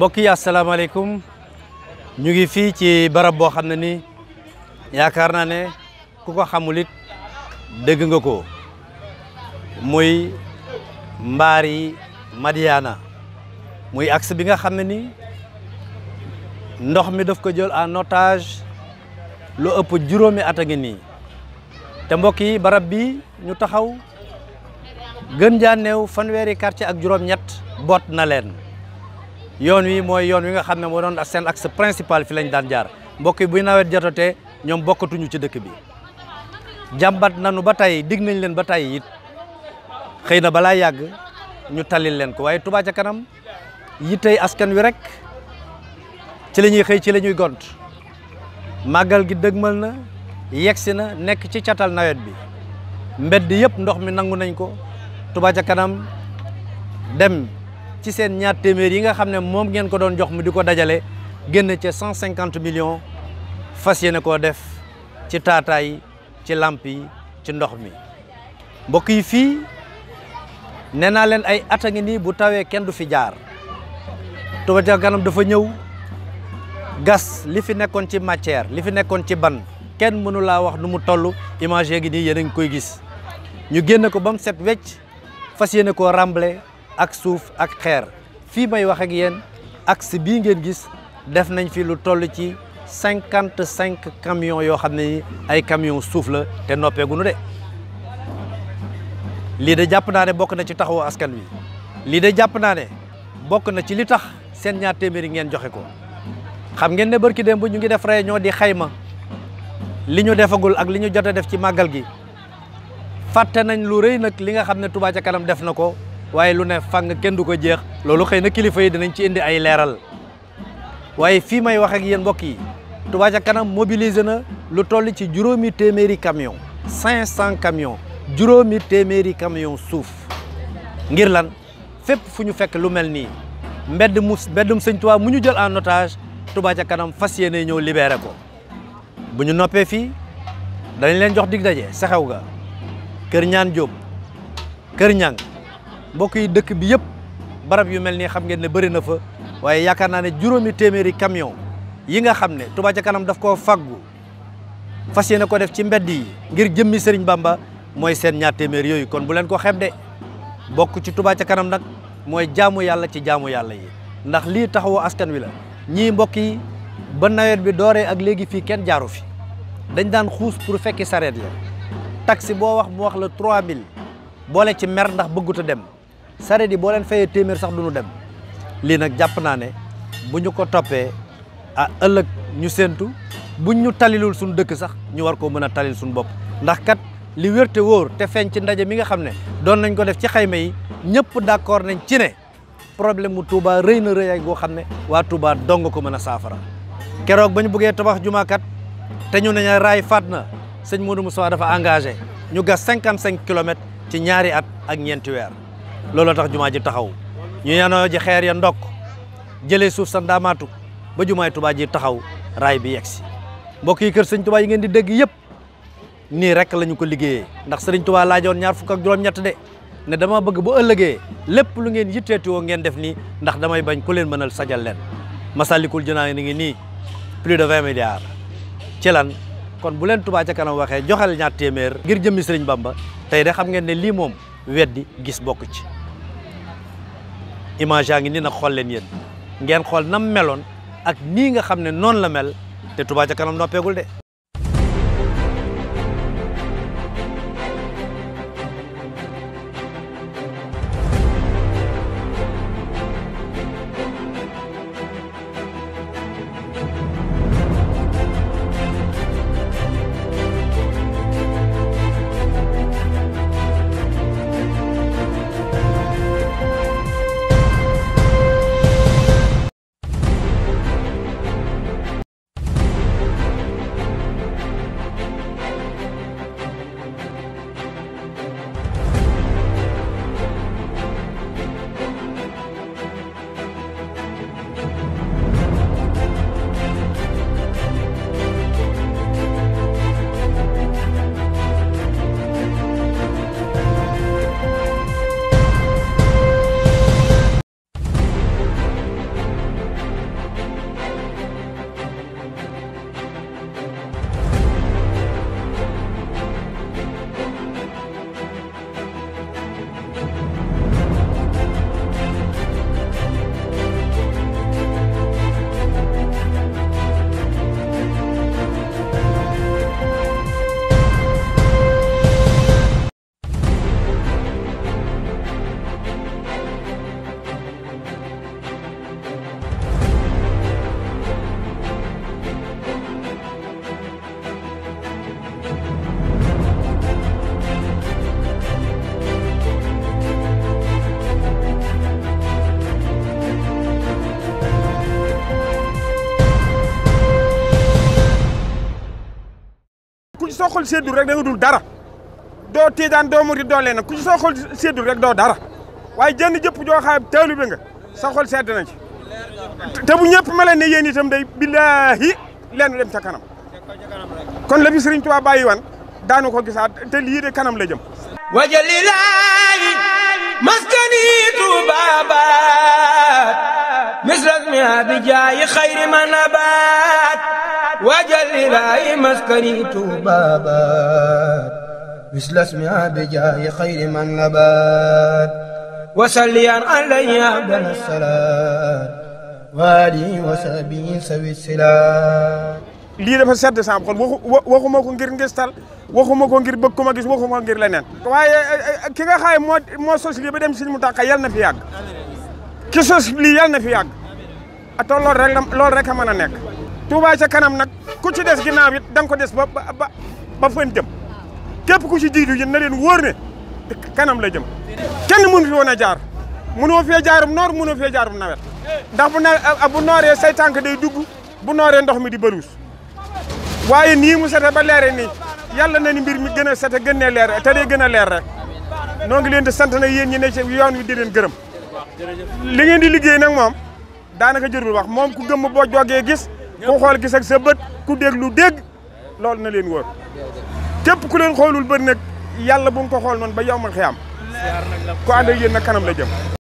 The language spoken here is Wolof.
mbokk yi asalaamaaleykum ñu ngi fii ci barab boo xam ne ni yaakaar naa ne ku ko xamul it dégg nga ko muy mbaari Madiana muy axe bi nga xam ne ni ndox mi daf ko jël en otage lu ëpp juróomi at a ngi te mbokk yi barab bi ñu taxaw gën jaa néew fanweeri quartier ak juróom-ñett boot na leen yoon wi mooy yoon wi nga xam ne moo doon seen axe principal fi lañ daan jaar mbokk yi buy nawet jototee ñoom bokkatuñu ci dëkk bi jàmbat nanu ba tey dig nañ leen ba tey it xëy na balaa yàgg ñu talil leen ko waaye Touba ca kanam yittey askan wi rek ci lañuy xëy ci lañuy gont màggal gi dëgmal na yegsi na nekk ci catal nawet bi mbedd yëpp ndox mi nangu nañ ko Touba ca kanam dem ci seen ñaar téeméer yi nga xam ne moom ngeen ko doon jox mu di ko dajale génn ca cent cinquante million fas yéene koo def ci taataay ci làmp ci ndox mi mbokk yi fii nee naa leen ay at a ngi nii bu tawee kenn du fi jaar Touba ca kanam dafa ñëw gas li fi nekkoon ci matière li fi nekkoon ci ban kenn mënu laa wax nu mu toll image gi nii yéen a koy gis ñu génn ko ba mu set wecc fas yéene koo remblé ak suuf ak xeer fii may wax ak yéen axe bii ngeen gis def nañ fi lu toll ci cinquante cinq camions yoo xam ne ay camions suuf la te noppeegunu de lii de jàpp naa ne bokk na ci taxawu askan wi lii de jàpp naa ne bokk na ci li tax seen ñaar téeméeri ngeen joxe ko xam ngeen ne barki démb ñu ngi def ñoo di xayma li ñu defagul ak li ñu jot def ci màggal gi fàtte nañ lu rëy nag li nga xam ne Touba ca kanam def na ko waaye lu ne fang kenn du ko jeex loolu xëy na kilifa yi dinañ ci indi ay leeral waaye fii may wax ak yéen mbokk yi Touba ca kanam mobilisé na lu toll ci juróomi téeméeri camion cinq cent camions juróomi téeméeri camion suuf ngir lan fépp fu ñu fekk lu mel nii mbedd mu mbeddum sëñ mu ñu jël en otage Touba ca kanam fas yéene ñëw libeere ko bu ñu noppee fii dañ leen jox dig daje sexew xew ga kër ñaan Jóob kër ñang mbokk yi dëkk bi yëpp barab yu mel nii xam ngeen ne bari na fa waaye yaakaar naa ne juróomi téeméeri camion yi nga xam ne Touba ca kanam daf koo faggu fas yéene ko def ci mbedd yi ngir jëmmi Serigne Bamba mooy seen ñaar téeméer yooyu kon bu leen ko xeeb de bokk ci tubaat ca kanam nag mooy jaamu yàlla ci jaamu yàlla yi ndax lii taxawu askan wi la ñii mbokk yi ba nawet bi dooree ak léegi fii kenn jaaru fi dañ daan xuus pour fekki sareet ya taxi boo wax mu wax la 3000 boole ci mer ndax bëggut dem sareet yi boo leen fayee téeméer sax du ñu dem lii nag jàpp naa ne bu ñu ko toppee ah ëllëg ñu séentu buñ ñu talilul suñu dëkk sax ñu war koo mën a talil suñu bopp ndax kat li wér te wóor te feeñ ci ndaje mi nga xam ne doon nañ ko def ci xayma yi ñëpp d'accord nañ ci ne problème mu Touba rëy na rëyaay goo xam ne waa Touba dong ko mën a saafara keroog ba ñu buggee tabax jumaakat te ñu ne raay faat na sëñ Modou Moussa dafa engagé ñu gas cinquante cinq kilomètres ci ñaari at ak ñeenti weer looloo tax jumaa ji taxaw ñu yanoo ji xeer ya ndokk jële suuf sa ndaamaatu ba jumaay Tuubaa ji taxaw raay bi yegg si mbokk yi kër sëñ Tuubaa yi ngeen di dégg yëpp nii rek lañu ko liggéeye ndax sëriñ Tuubaa laajoon ñaar fukk ak juróom-ñett de ne dama bëgg bu ëllëgee lépp lu ngeen yitteetiwoo ngeen def nii ndax damay bañ ku leen mënal sajal leen Masalikul Jinaan ni ngi nii plus de 20 milliards ci lan kon bu leen Tuubaa ca kanam waxee joxal ñaar téeméer ngir jëmmi sëriñ Bamba tey de xam ngeen ne lii moom weddi gis bokk ci image yaa ngi nii nag xool leen yéen ngeen xool nam meloon ak nii nga xam ne noonu la mel te Touba ca kanam noppeegul de ku ci soo xool seddul rek da nga dul dara doo tiidaan doo murit doo leneen ku ci soo xool seddul rek doo dara waaye jënd jëpp joo xaay taalibe nga sa xol sedd na ci te bu ñëpp mel ne yéen itam day billaahi lenn dem ca kanam kon la bi Sëriñ Tuubaa bàyyi wan daanu ko gisaat te lii de kanam la jëm wajalilaahi maskani misras mi abijaayi xayri ma nabaat wajal ilaahi maskani tuubaabaat misla ismi abijaahi xayri man nabaat wasalliyan alayhi abdal salaat waalihi wa sahbihi sawi silaa lii dafa sedd sama xol waxu waxuma ko ngir ngistal waxuma ko ngir bëgg ko ma gis waxuma ko ngir leneen waaye eh, eh, ki nga xaay moo moo sos lii ba dem Sëñ Muntaxa yal na fi yàgg ki sos lii yal na fi yàgg te loolu rek loolu rek a mën a nekk Touba ca kanam nag ku ci des ginnaaw it da nga ko des ba ba ba fan jëm képp ku ci jiitu yi na leen wóor ne kanam la jëm kenn mënu fi woon a jaar mënoo fee jaarum noor mënoo fee jaarum nawet ndax bu na bu nooree say tànk day dugg bu nooree ndox mi di bëruus waaye nii mu sete ba leere nii yàlla na ni mbir mi gën a sete gën nee leer te day gën a leer rek noo ngi leen di sant nag yéen ñi ne ci yoon wi di leen gërëm li ngeen di liggéey nag moom daanaka jërul wax moom ku gëmm boo jogee gis ku xool gis ak sa bët ku lu dégg loolu na leen wóor képp ku leen xoolul bët nag yàlla bu nga ko xool noonu ba yow ma xiyam ku ànd ak yéen nag kanam la jëm